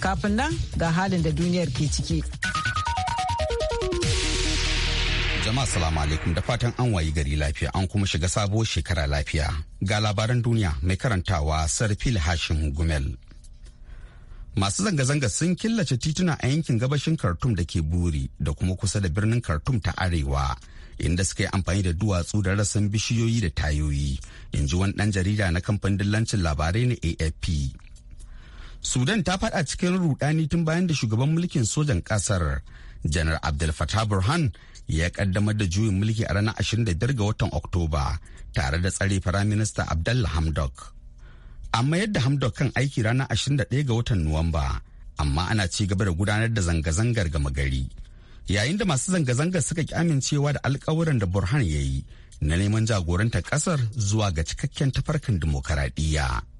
Kafin nan ga halin da duniyar ke ciki. Jama'a salamu alaikum da fatan an wayi gari lafiya an kuma shiga sabuwar shekara lafiya. Ga labaran duniya mai karantawa Sarfil Hashim Gumel. Masu zanga-zanga sun killace tituna a yankin gabashin Khartoum da ke buri da kuma kusa da birnin Khartoum ta arewa. inda suka yi amfani da duwatsu da rasan bishiyoyi da tayoyi in ji wani dan jarida na kamfanin dillancin labarai na afp sudan ta faɗa cikin rudani tun bayan da shugaban mulkin sojan ƙasar janar abdul fatah burhan ya kaddamar da juyin mulki a ranar 25 ga watan oktoba tare da tsare firaminista abdullah hamdok amma yadda hamdok kan aiki ranar 21 ga watan nuwamba amma ana ci gaba da gudanar da zanga-zangar gama gari yayin da masu zanga-zangar suka ki amincewa da alkawuran da burhan ya yi na neman jagoranta kasar zuwa ga cikakken tafarkin dimokuraɗiyya.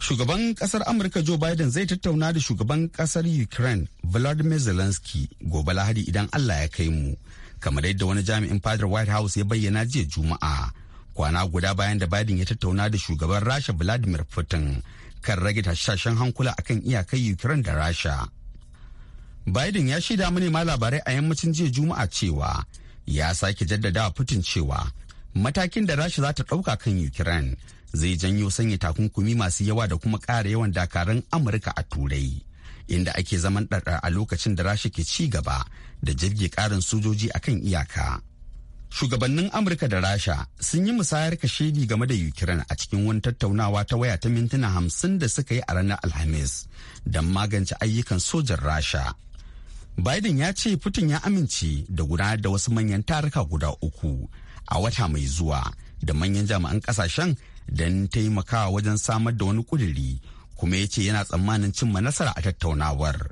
Shugaban kasar Amurka Joe Biden zai tattauna da shugaban kasar Ukraine Vladimir Zelensky gobe Lahadi idan Allah ya kai mu. Kamar yadda wani jami'in fadar White House ya bayyana jiya Juma'a. Kwana guda bayan da Biden ya tattauna da shugaban Rasha Vladimir Putin kan rage tashashen hankula akan iyakar Ukraine da Rasha. Biden ya shaida manema labarai a yammacin jiya Juma'a cewa ya sake jaddada Putin cewa matakin da Rasha za ta ɗauka kan Ukraine zai janyo sanya takunkumi masu yawa da kuma ƙara yawan dakarun amurka a turai inda ake zaman ɗarɗar a lokacin da rasha ke ci gaba da jirgi ƙarin sojoji a kan iyaka shugabannin amurka da rasha sun yi musayar kashedi game da ukraine a cikin wani tattaunawa ta waya ta mintuna hamsin da suka yi a ranar alhamis don magance ayyukan sojan rasha biden ya ce putin ya amince da gudanar da wasu manyan taruka guda uku a wata mai zuwa da manyan jami'an kasashen don taimakawa wajen samar da wani kuduri kuma ya ce yana tsammanin cimma nasara a tattaunawar.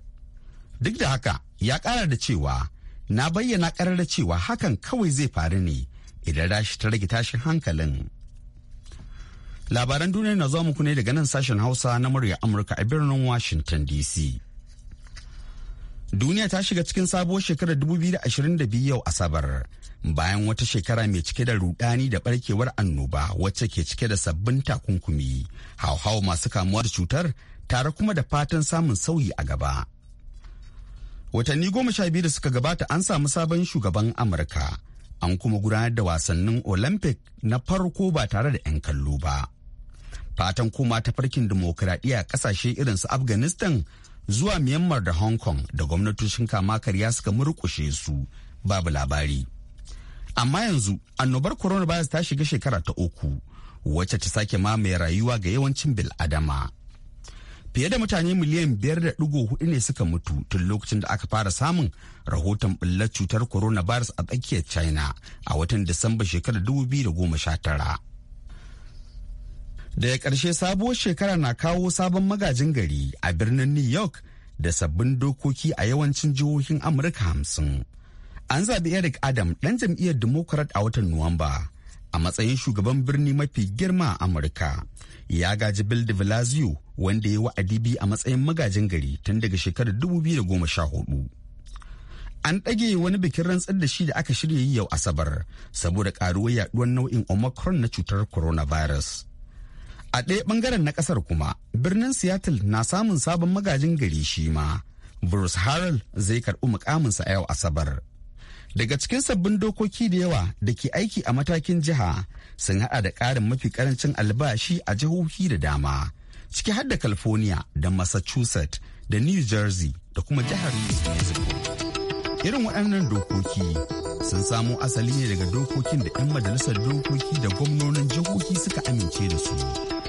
Duk da haka ya kara da cewa na bayyana karar da cewa hakan kawai zai faru ne idan rashi ta rage tashin hankalin. Labaran duniya na zuwa muku ne daga nan sashen Hausa na murya Amurka a birnin Washington DC. Duniya ta shiga cikin sabuwar shekarar 2022 yau Asabar. Bayan wata shekara mai cike da rudani da barkewar annoba wacce ke cike da sabbin takunkumi, hauhau masu kamuwa da cutar tare kuma da fatan samun sauyi a gaba. Watanni goma sha biyu da suka gabata an samu sabon shugaban Amurka, an kuma gudanar da wasannin Olympic na farko ba tare da 'yan kallo ba. Fatan koma ta farkin dimokuraɗiyya ƙasashe irin su Afghanistan zuwa Myanmar da Hong Kong da gwamnatocin kama karya suka murkushe su babu labari. Amma yanzu annobar coronavirus ta shiga shekara ta uku wacce ta sake mamaye rayuwa ga yawancin bil'adama. Fiye da mutane miliyan biyar da ɗigo hudu ne suka mutu tun lokacin da aka fara samun rahoton ɓullar cutar coronavirus a tsakiyar China a watan Disamba shekarar 2019. daga ƙarshe sabuwar shekara na kawo sabon magajin gari a birnin new york da sabbin dokoki a yawancin jihohin amurka hamsin an zaɓi eric adam ɗan jam'iyyar democrat a watan nuwamba a matsayin shugaban birni mafi girma a amurka ya gaji bill de blasio wanda ya wa'adi bi a matsayin magajin gari tun daga shekarar dubu biyu goma sha hudu. an ɗage wani bikin rantsar da shi da aka shirya yi yau asabar saboda ƙaruwar yaɗuwar nau'in omicron na cutar coronavirus a ɗaya ɓangaren na ƙasar kuma birnin seattle na samun sabon magajin gari shi ma bruce harrell zai karɓi mukaminsa a yau asabar daga cikin sabbin dokoki da yawa da ke aiki a matakin jiha sun haɗa da ƙarin mafi ƙarancin albashi a jihohi da dama ciki har da california da massachusetts da new jersey da kuma jihar new mexico irin waɗannan dokoki sun samo asali ne daga dokokin da 'yan majalisar dokoki da gwamnonin jihohi suka amince da su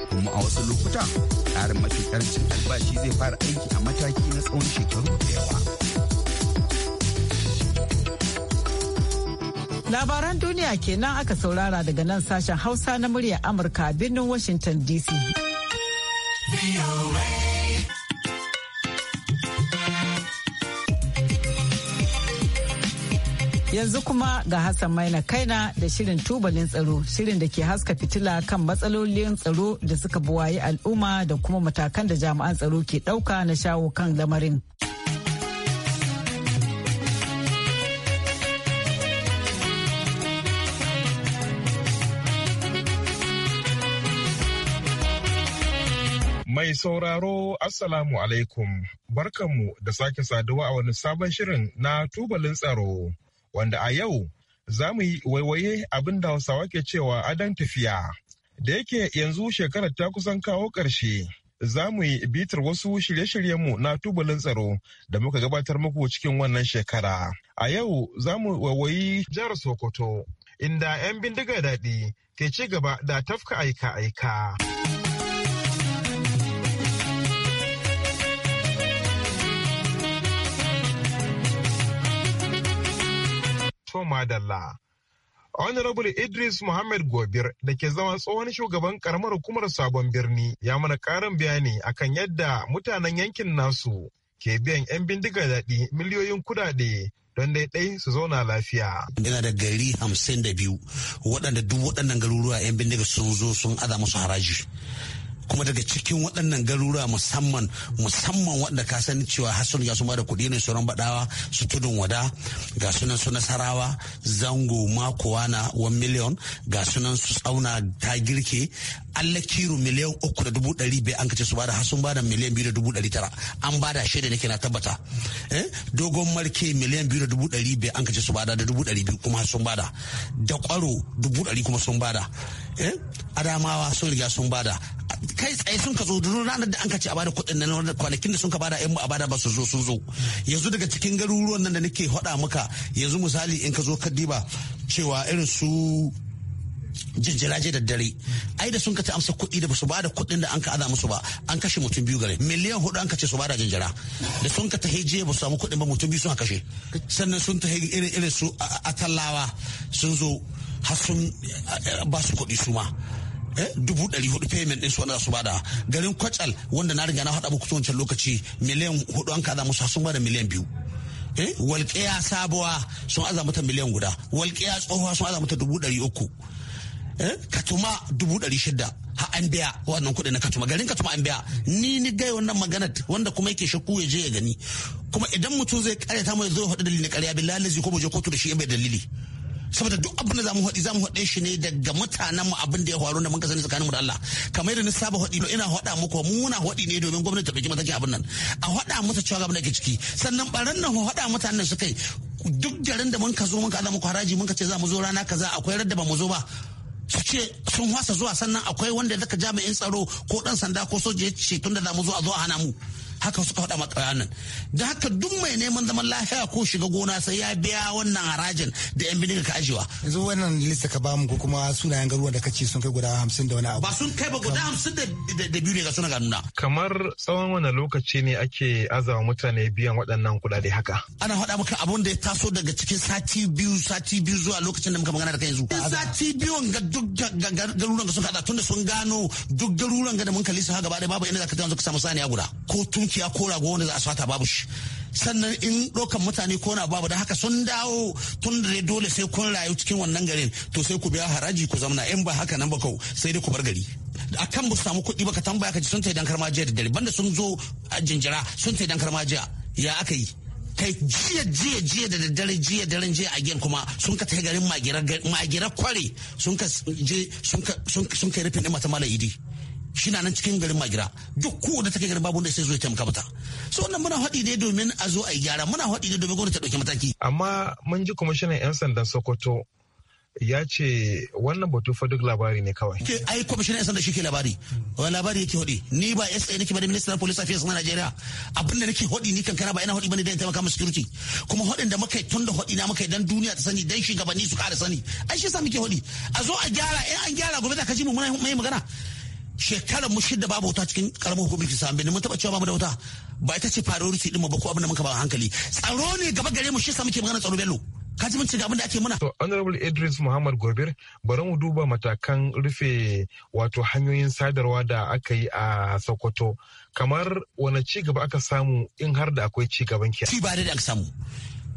kuma a wasu lokuta tsarin mafi karancin albashi zai fara aiki a mataki na tsawon shekaru da yawa. Labaran duniya kenan aka saurara daga nan sashen Hausa na muryar Amurka birnin Washington DC. Yanzu kuma ga Hassan Maina Kaina da shirin tubalin tsaro, shirin da ke haska fitila kan matsalolin tsaro da suka buwaye al'umma da kuma matakan da jami'an tsaro ke ɗauka na shawo kan lamarin. Mai sauraro Assalamu alaikum, barkanmu da sake saduwa a wani sabon shirin na tubalin tsaro. wanda a yau za mu yi waiwaye abin da Hausawa ke cewa adon tafiya. Da yake yanzu shekarar ta kusan kawo ƙarshe, za mu yi bitar wasu shirye-shiryenmu na tubalin tsaro da muka gabatar muku cikin wannan shekara. A yau za mu waiwayi jihar Sokoto, inda 'yan bindiga daɗi ke ci gaba da tafka aika-aika. to madalla. Honorable Idris Muhammad Gobir da ke zama tsohon shugaban karamar hukumar sabon birni ya mana karin bayani akan yadda mutanen yankin nasu ke biyan 'yan bindiga daɗi miliyoyin kudade don daidai su zauna lafiya. Yana da gari hamsin da biyu waɗanda duk waɗannan garuruwa 'yan bindiga sun zo sun aza musu haraji. kuma daga cikin waɗannan garuruwa musamman musamman waɗanda ka sani cewa hasun ya su da kuɗi ne sauran baɗawa su tudun wada ga sunan su nasarawa zango makowana 1 miliyon ga sunan su tsauna ta girke allah kiro miliyan uku da dubu ɗari bai an kace su bada hasun bada miliyan biyu da dubu ɗari tara an bada shaida nake na tabbata eh, dogon marke miliyan biyu da dubu ɗari bai an kace su bada da dubu ɗari biyu kuma sun bada da kwaro dubu ɗari kuma sun bada eh, adamawa sun riga sun bada kai tsaye sun ka zo duru ranar da an ka ce a bada kuɗin nan kwanakin da sun ka bada in ba a bada ba su zo sun zo yanzu daga cikin garuruwan nan da nake faɗa maka yanzu misali in ka zo ka diba cewa irin su jinjiraje da dare ai da sun ka ta amsa kuɗi da basu bada kuɗin da an ka aza musu ba an kashe mutum biyu gare miliyan hudu an kace su bada jinjira da sun ka ta heje ba su samu kuɗin ba mutum biyu sun kashe sannan sun ta irin irin su a tallawa sun zo har sun ba su kuɗi su ma dubu ɗari hudu payment ɗin su wanda su bada garin kwacal wanda na riga na haɗa muku wancan lokaci miliyan hudu an kaza musu sun bada miliyan biyu eh, walƙiya sabuwa sun aza mata miliyan guda walƙiya tsohuwa sun aza mata dubu ɗari uku eh, katuma dubu ɗari shida ha an biya wannan kuɗi na katuma garin katuma an biya ni ni gai wannan maganar wanda kuma yake shakku ya je ya gani kuma idan mutum zai karyata mu ya zo ya faɗi dalilin ƙarya billahi ko mu je kotu da shi bai dalili saboda duk abin da zamu haɗi zamu haɗe shi ne daga mutanen mu abin da ya faru da mun kasance tsakanin mu da Allah kamar yadda na saba haɗi ina haɗa muku mu muna haɗi ne domin gwamnati ta ɗauki mataki abin nan a haɗa musu cewa abin da ke ciki sannan baran nan haɗa mutanen su kai duk garin da mun ka zo mun ka ala muku haraji mun ka ce za mu zo rana kaza akwai radda ba mu zo ba su ce sun hwasa zuwa sannan akwai wanda zaka jami'in tsaro ko dan sanda ko soja ya ce tun da za mu zo a zo a hana mu haka suka faɗa matsaya nan da haka duk mai neman zaman lafiya ko shiga gona sai ya biya wannan harajin da yan bindiga ka ajiyewa yanzu wannan lista ka bamu ko kuma sunayen garuruwan da kace sun kai guda hamsin da wani abu ba sun kai ba guda hamsin da biyu ne ga suna nuna kamar tsawon wani lokaci ne ake azawa mutane biyan waɗannan kuɗaɗe haka ana faɗa maka abun da ya taso daga cikin sati biyu sati biyu zuwa lokacin da muka magana da kai yanzu sati biyun ga duk garuruwan da sun haɗa tun da sun gano duk garuruwan ga da mun ha gaba ɗaya babu inda za ka samu saniya guda ko tun ya kora rago wanda za a sata babu shi sannan in ɗaukan mutane ko na babu da haka sun dawo tun da dole sai kun rayu cikin wannan garin to sai ku biya haraji ku zamana in ba haka nan ba kau sai dai ku bar gari a kan ba su samu kuɗi ba ka tambaya ka ji sun ta idan karma jiya da dare banda sun zo a jinjira sun ta idan karma jiya ya aka yi kai jiya jiya jiya da daddare jiya daren jiya again kuma sun ka tai garin magirar kware sun ka je sun ka rufin ɗin mata mala idi shi na nan cikin garin magira duk ku da take garin babu da sai zo ya taimaka mata so wannan muna faɗi ne domin a zo a yi gyara muna faɗi ne domin gwamnati ta ɗauki mataki amma mun ji kwamishinan yan sandan sokoto ya ce wannan batu fa duk labari ne kawai ke ai kwamishinan yan sanda shi ke labari labari yake hodi ni ba SA nake ba da ministan police affairs na Najeriya abin da nake hodi ni kankana ba ina hodi bane dan taimaka mu security kuma hodin da muka tun da hodi na muka dan duniya ta sani dan shugabanni su ƙara sani ai shi sa muke hodi a zo a gyara in an gyara gobe za ka ji mu muna mai magana shekarar mu shida babu wuta cikin karamar hukumar kisa ne mun taba cewa babu da wuta ba ita ce priority din mu ba ko abin da muka ba hankali tsaro ne gaba gare mu shi sa muke magana tsaro bello ka ji mun abin da ake muna to honorable Idris Muhammad Gobir bari mu duba matakan rufe wato hanyoyin sadarwa da aka yi a Sokoto kamar wani ci gaba aka samu in har da akwai ci gaban ki ci ba da aka samu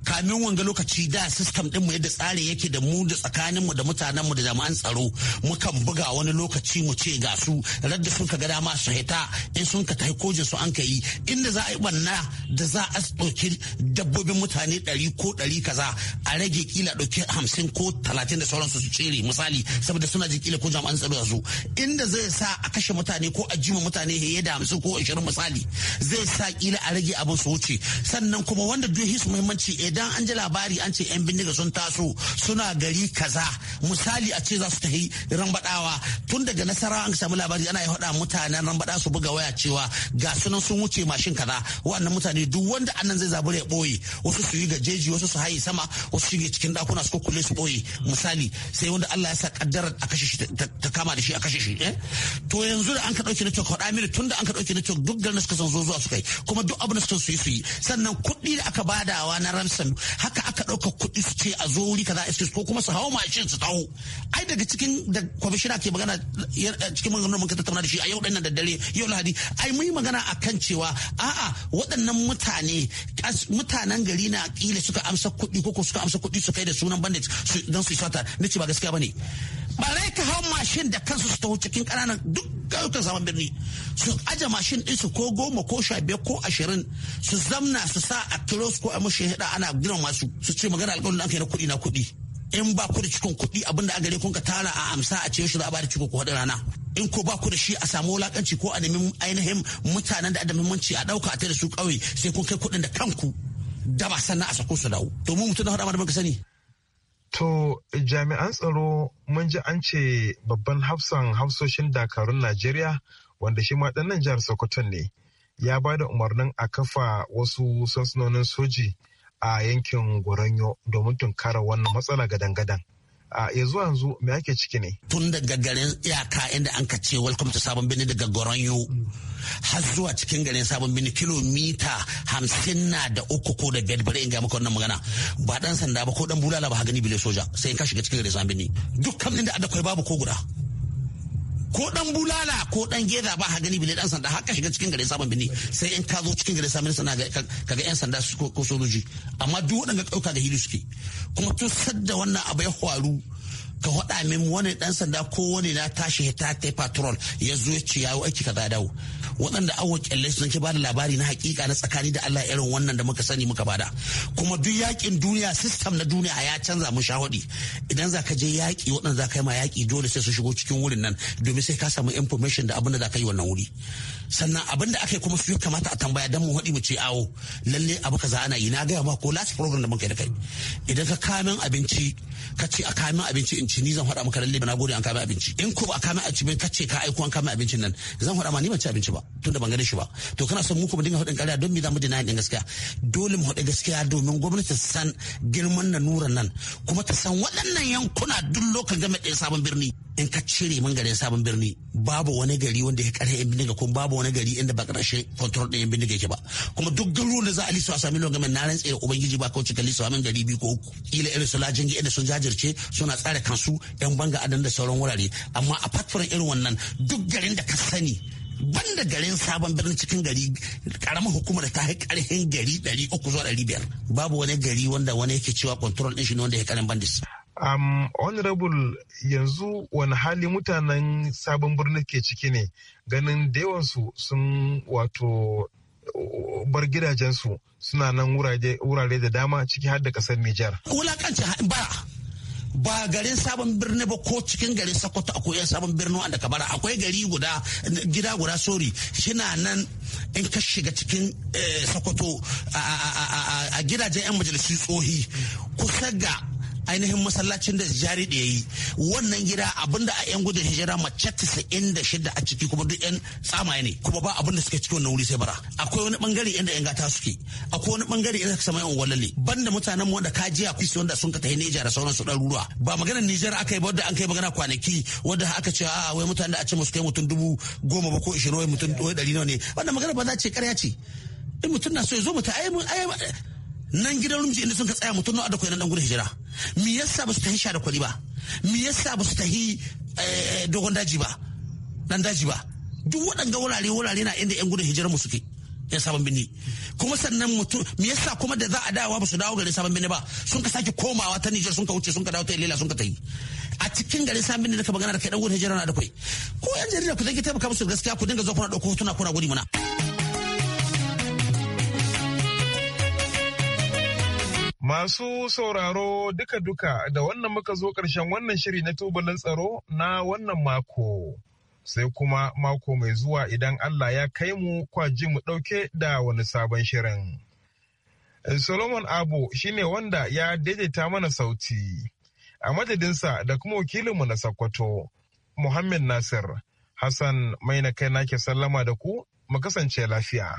kamin wanga lokaci da system mu yadda tsari yake da mu da tsakaninmu da mutanenmu da jami'an tsaro mukan buga wani lokaci mu ce ga su radda sun ka gada masu su hita in sun ka tai kojin su an ka yi inda za a yi banna da za a ɗauki dabbobin mutane ɗari ko ɗari kaza a rage kila ɗauki hamsin ko talatin da sauransu su cere misali saboda suna jin kila ko jami'an tsaro da su inda zai sa a kashe mutane ko a jima mutane heye da hamsin ko ashirin misali zai sa kila a rage abin su wuce sannan kuma wanda duk hisu muhimmanci eh, idan an ji labari an ce 'yan bindiga sun taso suna gari kaza misali a ce za su tafi rambadawa tun daga nasara an samu labari ana haɗa mutanen rambada su buga waya cewa ga sunan sun wuce mashin kaza wannan mutane duk wanda annan zai zabura ya ɓoye wasu su yi gajeji wasu su haye sama wasu shige cikin ɗakuna su kulle su ɓoye misali sai wanda Allah ya sa kaddarar a kashe shi ta kama da shi a kashe shi eh? to yanzu da an ka ɗauki network haɗa mini tun da an ka ɗauki network duk garin suka san zo zuwa su kai kuma duk abin da suka su yi su yi sannan kuɗi da aka badawa na ramsa sannu haka aka ɗauka kuɗi su ce a zo wuri kaza ko kuma su hawo mashin su taho ai daga cikin da kwamishina ke magana eh, cikin maganganun mun ka da shi a yau ɗan nan da dare yau lahadi ai mun yi magana a kan cewa a'a waɗannan mutane mutanen gari na kila suka amsa kuɗi ko suka amsa kuɗi su kai da sunan bandit don su yi sata na ce ba gaskiya ba ne. ba rai ka hau mashin da kansu su taho cikin kananan duk ƙauyukan zaman birni su aje mashin din ko goma ko sha biyar ko ashirin su zamna su sa a kilos ko a mashi hida ana gina masu su ce magana alƙawarin da aka yi na kuɗi na kuɗi in ba ku da cikin kuɗi abin da gare kun ka tara a amsa a ce shi za a bada ko haɗa rana in ko ba ku da shi a samu wulakanci ko a nemi ainihin mutanen da da muhimmanci a ɗauka a tare da su ƙauye sai kun kai kuɗin da kanku da ba sannan a sako su dawo domin mutum da haɗa ma da sani To jami'an tsaro mun ji an ce babban hafsan hafsoshin dakarun Najeriya wanda shi ma ɗannan jihar Sokoto ne ya ba da umarnin a kafa wasu sansunonin soji a yankin Goronyo domin tunkara wannan matsala gadan-gadan. a ya zuwa yanzu me ake ciki ne tun daga garin iyaka inda an ka ce welcome to sabon bini daga goronyo har zuwa cikin garin sabon bini kilomita hamsin na da uku ko da biyar bari in ga maka wannan magana ba dan sanda ba ko dan bulala ba gani bile soja sai in ka shiga cikin garin sabon bini duk kamnin da adakwai babu ko guda ko dan bulala ko dan geza ba ha gani bile dan sanda haka shiga cikin gare sabon bini sai in ka zo cikin gare sabon sana ga yan sanda ko sojoji amma duk ka ɗauka da hili suke kuma tun sadda wannan abu ya faru ka faɗa min wani ɗan sanda ko wani na tashi ta ta patrol ya zo ci yawo aiki kaza dawo waɗanda awo kyalle sun ke bada labari na hakika na tsakani da Allah irin wannan da muka sani muka bada kuma duk yakin duniya system na duniya ya canza mun shahudi idan za ka je yaƙi waɗanda za ka yi ma yaki dole sai su shigo cikin wurin nan domin sai ka samu information da abin da za ka yi wannan wuri sannan abin da aka yi kuma fiye kamata a tambaya don mu haɗi mu ce awo lalle abu kaza ana yi na gaya ma ko last program da muka yi da kai idan ka kamin abinci ka ce a kamin abinci in ci ni zan faɗa maka lalle ba na gode an kamin abinci in ko ba a kamin abinci ka ce ka aiko an kamin abincin nan zan faɗa ma ni ban ci abinci ba tunda ban gane shi ba to kana son mu kuma dinga haɗin ƙarya don mi za mu dina yin gaskiya dole mu haɗa gaskiya domin gwamnati san girman na nuran nan kuma ta san waɗannan yankuna duk lokacin game ɗaya sabon birni in ka cire mun garin sabon birni babu wani gari wanda ya ƙarya in bindiga kuma babu babu wani gari inda ba karshe control din yambin bindiga yake ba kuma duk garuruwan da za a lissa a sami logamin na rantse ubangiji ba kawai cika lissa min gari biyu ko uku ila irin su lajin inda sun jajirce suna tsare kansu yan banga adan da sauran wurare amma a fatfuran irin wannan duk garin da ka sani banda garin sabon birnin cikin gari karamar hukumar ta yi karhin gari 300 zuwa 500 babu wani gari wanda wani yake cewa control din shi ne wanda ya karin bandis Um, honorable yanzu wani hali mutanen sabon birni ke ciki ne ganin yawansu sun wato bar gidajensu suna nan wurare da dama ciki har da kasar Nijar. Wulakanci ce ba garin sabon birni ba ko cikin garin Sokoto akwai yan sabon birni wanda ka bara akwai gari guda gida guda sori shina nan in ka shiga cikin eh, Sokoto a gidajen yan majalisi tsohi kusa ga ainihin masallacin da jari da yayi wannan gida abinda a yan gudun hijira mace 96 a ciki kuma duk yan tsamaye ne kuma ba da suke cikin wannan wuri sai bara akwai wani bangare inda yan gata suke akwai wani bangare inda suka sama yan walalle banda mutanen mu wanda akwai su wanda sun ka tafi Niger da sauran su ruwa ba magana Niger aka yi ba wanda an kai magana kwanaki wanda aka ce a wai mutanen da a ce musu kai mutum dubu goma ba ko ishirin wai mutum ɗari nawa ne wannan magana ba za ce karya ce in mutum na so ya zo mutum ai nan gidan rumji inda sun ka tsaya mutum na adakwai na dan gudun hijira me yasa ba su tahi sha da kwali ba me yasa ba su tahi eh, dogon daji ba Nan daji ba duk waɗanga wurare wurare na inda yan gudun hijira mu suke yan sabon birni kuma sannan mutum me yasa kuma da za a dawa ba su dawo garin sabon birni ba sun ka sake komawa ta Nijar sun ka wuce sun ka dawo ta Ilela sun ka tayi a cikin garin sabon birni da ka magana da kai dan gudun hijira na adakwai. ko yan jarida ku zai taimaka musu gaskiya ku dinga zo kuna ɗauko hotuna kuna gudu mana. Masu sauraro duka-duka da wannan muka zo ƙarshen wannan shiri na tubalin tsaro na wannan mako. Sai kuma mako mai zuwa idan Allah ya kai mu kwaji mu ɗauke da wani sabon shirin. Eh, Solomon abu shine wanda ya daidaita mana sauti. A madadinsa da kuma wakilinmu na Sokoto, Muhammad Nasir, Hassan mai na kai nake sallama da ku, mu kasance lafiya.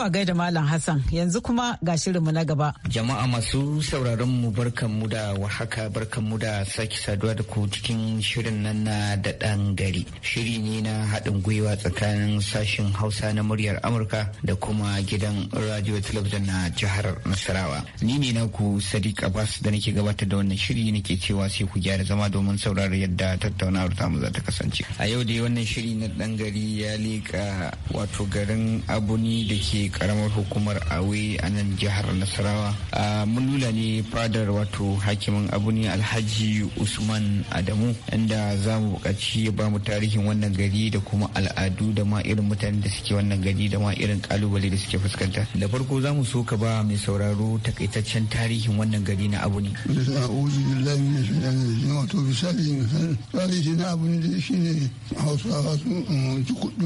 To a da Malam Hassan yanzu kuma ga shirinmu na gaba. Jama'a masu sauraron mu barkan mu da wahaka barkan mu da sake saduwa da ku cikin shirin nan na da ɗan gari. Shiri ne na haɗin gwiwa tsakanin sashen Hausa na muryar Amurka da kuma gidan radio talabijin na jihar Nasarawa. Ni ne na ku Sadiq Abbas da nake gabatar da wannan shiri nake cewa sai ku gyara zama domin saurara yadda tattaunawar tamu za ta kasance. A yau dai wannan shiri na ɗan gari ya leƙa wato garin Abuni da ke karamar hukumar awe a nan jihar nasarawa mun lula ne fadar wato hakimin abu ne alhaji usman adamu inda za mu buƙaci ya ba mu tarihin wannan gari da kuma al'adu da ma irin mutanen da suke wannan gari da ma irin kalubale da suke fuskanta da farko za mu so ka ba mai sauraro takaitaccen tarihin wannan gari na abu ne hausawa sun um,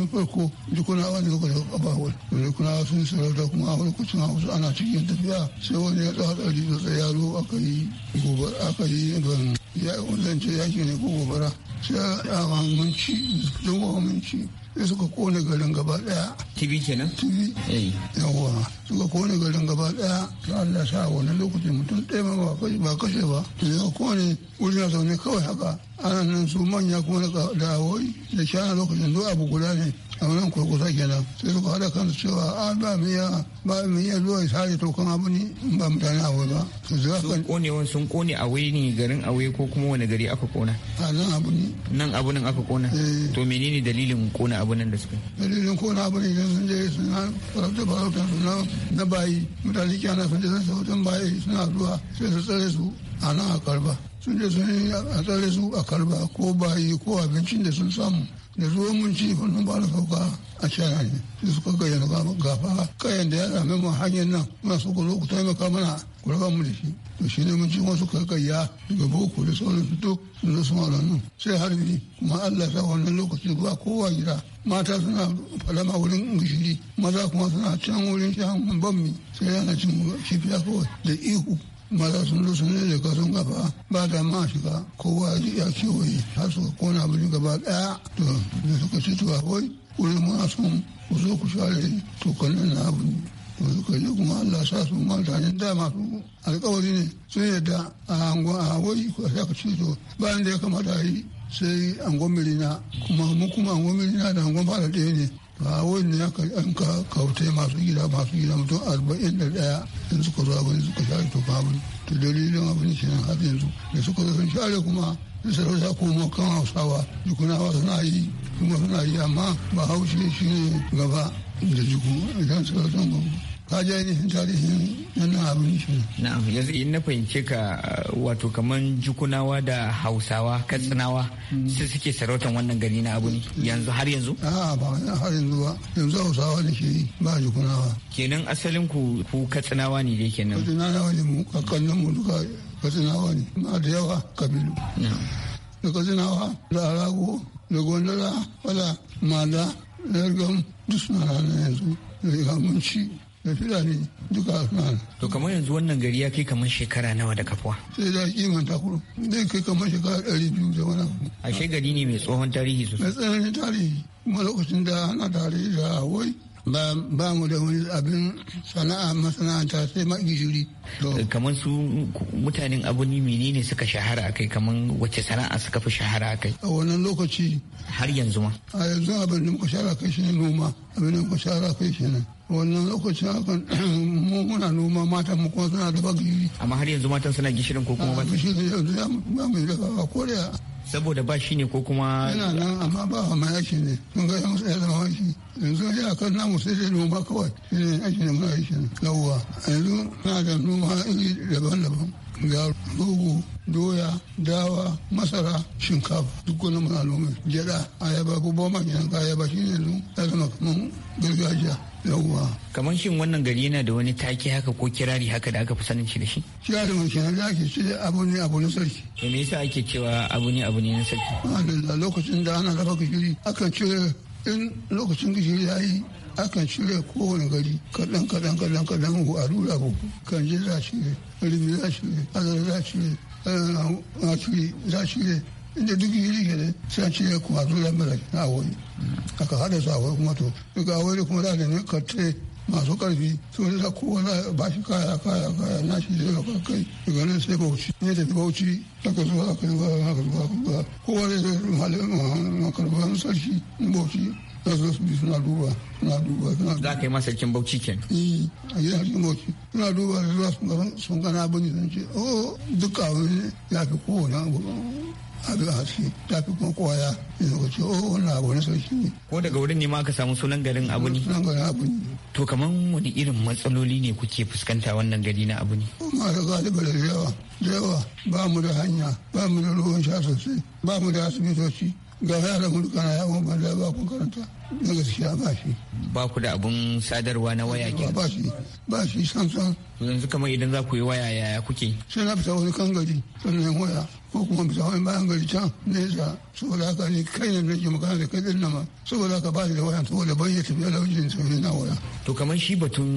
farko jikuna wani suka ba wani jikuna su sun sarauta kuma a lokacin hausa ana cikin tafiya sai wani ya tsawo tsari da tsayaro aka yi gobara aka yi ban ya ya ke ne ko gobara sai a mamanci don mamanci sai suka kone garin gaba daya tibi kenan tibi eh. yawwa suka kone garin gaba daya ta Allah sa wani lokaci mutum ɗaya ma ba kashe ba to suka kone wurin na zaune kawai haka ana nan su manya kuma da kawai da shana lokacin duk abu guda ne a wannan kurkusa kenan sai suka haɗa kan cewa a ba mu iya ba mu iya zuwa sare kan abu ne ba mutane a wai ba. su kone wani sun kone a wai ne garin a wai ko kuma wani gari aka kona. a nan abu ne. nan abu nan aka kona. Eh. to menene dalilin kona abu nan da suka. dalilin kona abu ne idan sun je suna farauta farauta suna na bayi mutane kyana sun je sun sautan bayi suna zuwa sai su tsare su a nan a karba. sun je sun yi a tsare su a karba ko bayi ko abincin da sun samu da zuwa mun ci wannan ba da sauka a shara ne da suka gayyana gafa kayan da ya same mu hanyar nan na so ku zo ku taimaka mana ku raba mu da shi to shi ne mun ci wasu kakayya daga boko da sauran su duk sun zo su mara nan sai harbi kuma Allah sa wannan lokacin ruwa kowa gida mata suna falama wurin gishiri maza kuma suna can wurin shan bammi sai yana cin kifiya kawai da ihu maza sun zo sun ne ka sun kafa ba da ma shiga kowa ya kewaye har suka kona bini gaba daya to da suka ci tuwa wai wurin muna son ku zo ku share to kanin na abu to suka je kuma Allah sa su mutane dama su alkawari ne sun yadda a hangon a wai ku sa ci to bayan da ya kamata a yi sai angon milina kuma mu kuma angon milina da angon fara ɗaya ne ba wani ne aka an ka kautai masu gida masu gida mutum arba'in da daya in suka zo abin suka share to abin to dalilin abin shi har yanzu da suka zo sun share kuma sarauta ko kan hausawa jukunawa suna yi kuma suna yi amma ba haushe shi ne gaba da juku idan sarautan gwamnati ka je ainihin tarihin wannan abin shi na'am yanzu in na fahimce ka uh, wato kaman jukunawa da hausawa katsinawa mm. su suke sarautan wannan gari na abu ne yanzu har yanzu a ah, ba har yanzu ba yanzu hausawa da ke ba jukunawa kenan asalin ku ku katsinawa ne dai kenan katsinawa ne mu kakannin mu duka katsinawa ne ma da yawa kabilu da katsinawa da arago da gondala wala mada da yargam duk suna ranar yanzu da yamunci da filani duka suna to kamar yanzu wannan gari ya kai kamar shekara nawa da kafuwa sai da kimanta takuru. zai kai kamar shekara ɗari biyu da wani abu ashe gari ne mai tsohon tarihi sosai mai tsohon tarihi kuma lokacin da ana tare da wai ba mu da wani abin sana'a masana'anta sai ma gishiri. Eh, kamar su mutanen abu ne menene suka shahara a kai kamar wacce sana'a suka fi shahara a kai a wannan lokaci har yanzu ma a yanzu abin da muka shahara kai shi ne noma abin da muka shahara kai shi ne wannan lokacin akan mu muna noma matan mu kuma suna dafa gishiri amma har yanzu matan suna gishirin ko kuma ah, ba yanzu ya mu dafa ko da saboda ba shi ne ko kuma yana nan amma ba a ma yaki ne mun ga yanzu ya zama shi yanzu ya kan mu sai dai noma kawai shi ne yaki ne muna yaki ne yawwa yanzu na da noma iri daban-daban ga rogo doya dawa masara shinkafa duk wani muna nome jada ayaba ko boma kenan ka ayaba shi ne ya zama kaman gargajiya yawwa kamar shin wannan gari yana da wani take haka ko kirari haka da aka fi sanin shi da shi kirarin mai kenan da ake cire abu ne abu na sarki me yasa ake cewa abu ne abu ne na sarki a lokacin da ana kafa kashiri akan cire in lokacin gishiri ya yi akan shirya kowane gari kaɗan kaɗan kaɗan kaɗan a rura ko kan je za shirya rimi za shirya azar za shirya hakiri eh, za shirya inda duk yi gishiri ke da sai shirya kuma rura mara na wani aka haɗa su a wani kuma to duk a wani kuma za da ne kartai masu karfi sun da kowane ba shi kaya kaya kaya na shi zai yau kai daga nan sai bauchi ne da bauchi daga zuwa aka zuwa aka zuwa kuma kowane da halin makarban sarki na bauchi za su su bi suna duba suna duba suna duba. Za ka yi masa bauchi ken. Eh, a gidan sarkin bauchi suna duba da zuwa sun gana sun sun ce o oh, duk abin ya fi kowane abu shi ta fi kuma kwaya yanzu ka ce o oh, wannan abu ne sarki ne ko daga wurin ne ma aka samu sunan garin abu ne sunan garin abu ne to kaman wani irin matsaloli ne kuke fuskanta wannan gari na abu ne masu galiba da yawa da yawa ba mu da hanya ba mu da ruwan sha sosai ba mu da asibitoci ga yaran mu kana yawon banza ba ku karanta na gaskiya ba shi ba ku da abun sadarwa na waya ke ba shi ba shi san san yanzu kamar idan za ku yi waya yaya kuke sai na fita wani kan gari sannan waya ko kuma fita wani bayan gari can nesa saboda haka ne kai ne nake magana da kai din nama saboda haka ba shi da waya saboda bai yi tafiya da wajen tafiya na waya to kamar shi batun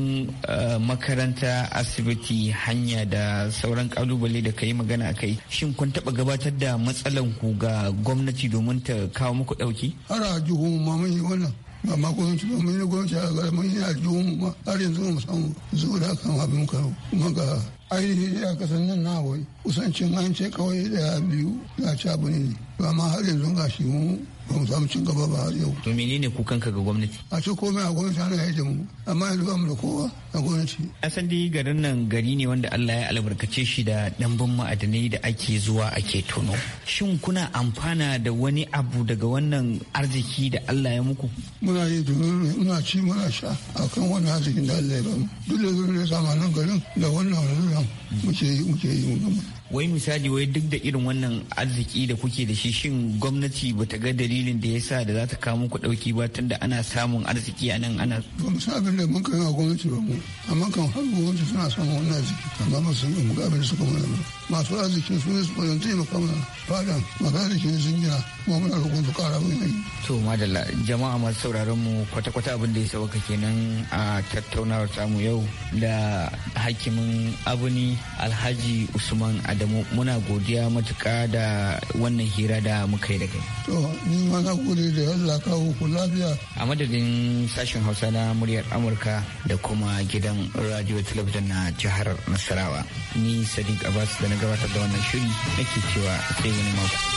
eh, makaranta asibiti hanya da sauran kalubale da kai magana a kai shin kun taba gabatar da matsalan ku ga gwamnati domin ta kawo muku dauki har a jihu mamaye wannan ba ma gwamnati ba mun yi gwamnati a gara mun yi a ma har yanzu ba mu samu zuwa kan abin karo kuma ga da ya kasan nan na wai kusancin an ce kawai da biyu za ci abu ne ba ma har yanzu ga shi mu ba mu samu cin gaba ba har yau. To menene kukan ka ga gwamnati? A ce komai a gwamnati ana yi da mu amma yanzu ba mu da kowa a gwamnati. Asan dai garin nan gari ne wanda Allah ya albarkace shi da ɗanbin ma'adanai da ake zuwa ake tono. Shin kuna amfana da wani abu daga wannan arziki da Allah ya muku? Muna yi ne muna ci muna sha a kan wani arzikin da Allah ya bamu. Duk da zuwa ne samanin garin da wannan wannan muke yi muke yi mu gama. wai misali wai duk da irin wannan arziki da kuke da shi shin gwamnati ba ta ga dalilin da ya sa da za ta kawo muku dauki ba tunda ana samun arziki a nan ana ba mu san abin da mun kai ga gwamnati ba mu amma kan har gwamnati suna samun wannan arziki amma ba su san abin da suka mana ba masu arzikin sun yi su wajen taimaka mana fadan masu arzikin sun gina kuma muna roƙon su ƙara mai mai. to madalla jama'a masu sauraron mu kwata-kwata abin da ya sauka kenan a tattaunawar samu yau da hakimin abuni alhaji usman adamu muna godiya matuƙa da wannan hira da muka yi da kai. to ni ma na gode da yalla kawo ku lafiya. a madadin sashen hausa na muryar amurka da kuma gidan radio talabijin na jihar nasarawa ni sadiq abbas da na gabatar da wannan shiri ake cewa sai wani mako.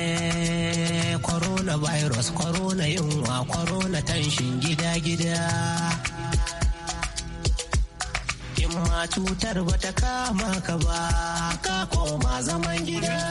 corona virus corona yunwa corona tanshin gida-gida in ma cutar ta kama ka ba ka koma zaman gida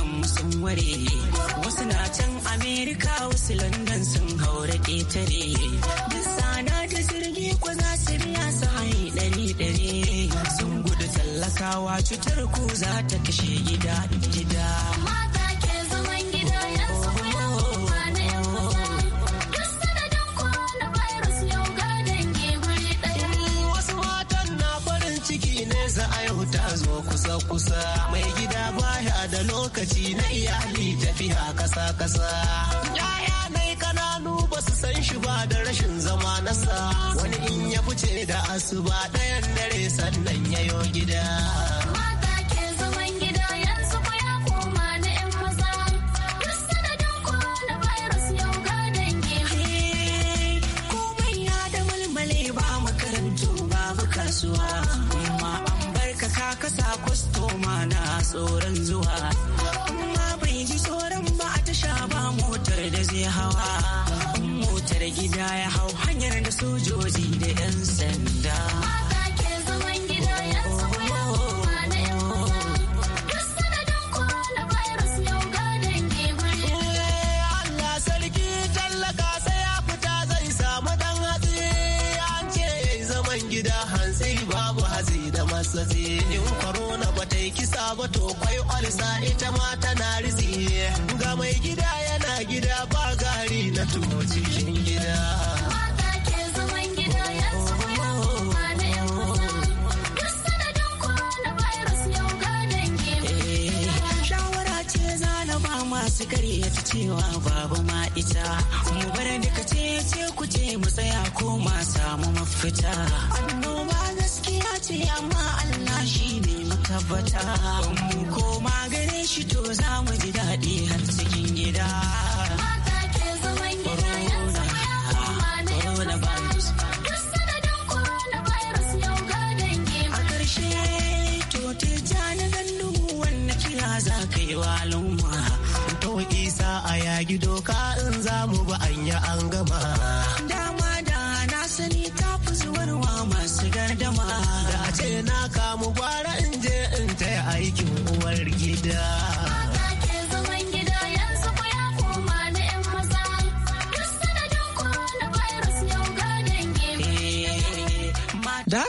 ware wasu na can amerika wasu london sun haura ƙetare duk sana ta jirgi ko za su biya su hai ɗari ɗari sun gudu tallakawa cutar ku za ta kashe gida gida za a yau ta zo kusa kusa mai gida baya da lokaci na iyali tafiya kasa kasa yaya mai kananu ba su san shi ba da rashin zama nasa wani in ya fice da asuba ɗayan dare sannan ya yayo gida tsoron zuwa amma bai ji tsoron ba a tasha ba motar da zai hawa motar gida ya hau hanyar da sojoji da 'yan sanda gida hantsi babu hatsi da matsatsi in korona ba ta yi kisa ba to kwai olsa ita ma tana rizi ga mai gida yana gida ba gari na tuwo gida masu karya ta cewa babu ma ita mu bar duka ce ce ku je mu tsaya ko ma samu mafita annoba gaskiya ce amma Allah shi ne matabbata mu koma gare shi to za mu ji daɗi har cikin gida gido doka in za mu ba anya an gama.